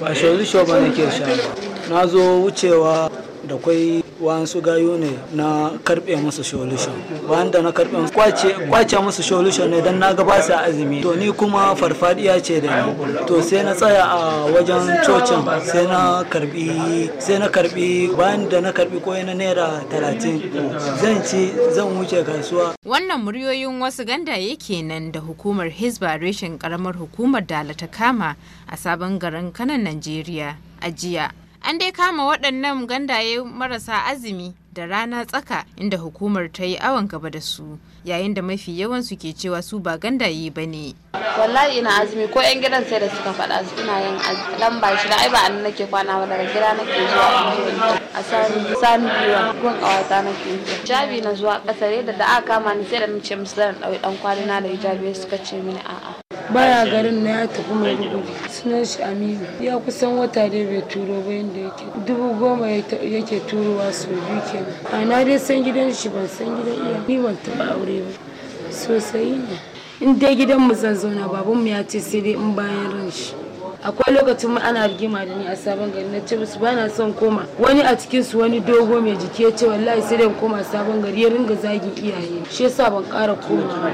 ba shauzi shoba nake sha na zo wucewa da kwai wasu gayu ne na karbe musu solution bayan da na karbe musu kwace kwace musu solution ne dan naga ba su azumi to ni kuma farfadiya ce da ni to sai na tsaya a wajen cocin sai na karbi sai na karbi bayan na karbi koyi na naira talatin zan ci zan wuce kasuwa wannan muryoyin wasu gandaye nan da hukumar Hisbaration reshen karamar hukumar dalata kama a sabon garin kanan najeriya a jiya An dai kama waɗannan gandaye marasa azumi da rana tsaka inda hukumar ta yi awon gaba da su yayin da mafi yawansu ke cewa su ba gandaye ba ne. Wallahi ina azumi ko 'yan gidan sai da suka faɗa su ina yin lamba shida ai ba an nake kwana ba daga gida nake zuwa a sani sani biyu gun kawata nake jabi na zuwa kasare da da aka kama ni sai da nace musu dan dan ɗan na da hijabi suka ce mini a'a. baya garin na ya tafi maiduguri sunan shi aminu ya kusan wata dai bai turo ba yadda yake dubu goma yake turowa sau biyu kenan a na dai san gidan shi ban san gidan iya ni ban taɓa aure ba sosai ne in dai gidan mu zan zauna babanmu ya ce sai dai in bayan ran shi akwai lokacin ana rigima da ni a sabon gari na ce musu bana son koma wani a cikin su wani dogo mai jiki ya ce wallahi sai dan koma sabon gari ya ringa zagin iyaye shi yasa ban ƙara koma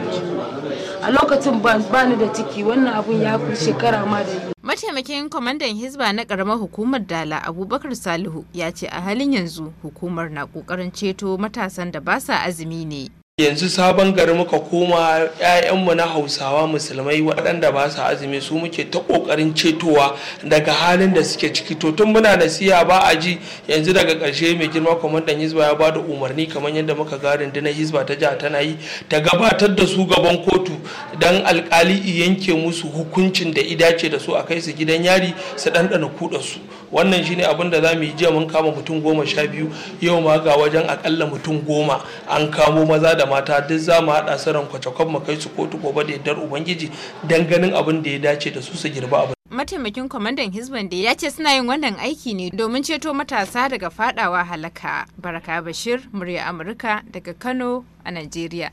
a lokacin bani da ciki wannan abun ya fi shekara ma da ni Mataimakin kwamandan hisba na karamar hukumar Dala Abubakar Salihu ya ce a halin yanzu hukumar na kokarin ceto matasan da ba sa azumi ne yanzu sabon gari muka koma 'ya'yanmu na hausawa musulmai waɗanda ba su azumi su muke ta ƙoƙarin cetowa daga halin da suke ciki to tun muna nasiya ba a ji yanzu daga ƙarshe mai girma kwamandan hizba ya da umarni kamar yadda muka ga rundunar hizba ta jiha tana yi ta gabatar da su gaban kotu don alƙali yanke musu hukuncin da idace da su a kai su gidan yari su ɗanɗana kuɗa su wannan shine abin da za mu yi jiya mun kama mutum goma sha biyu yau ma ga wajen aƙalla mutum goma an kamo maza da mata duk za mu haɗa su rankwacakon mu kai su kotu gobe da yardar ubangiji dan ganin abin da ya dace da su su girba abin mataimakin kwamandan hizban da ya ce suna yin wannan aiki ne domin ceto matasa daga fadawa halaka baraka bashir murya amurka daga kano a najeriya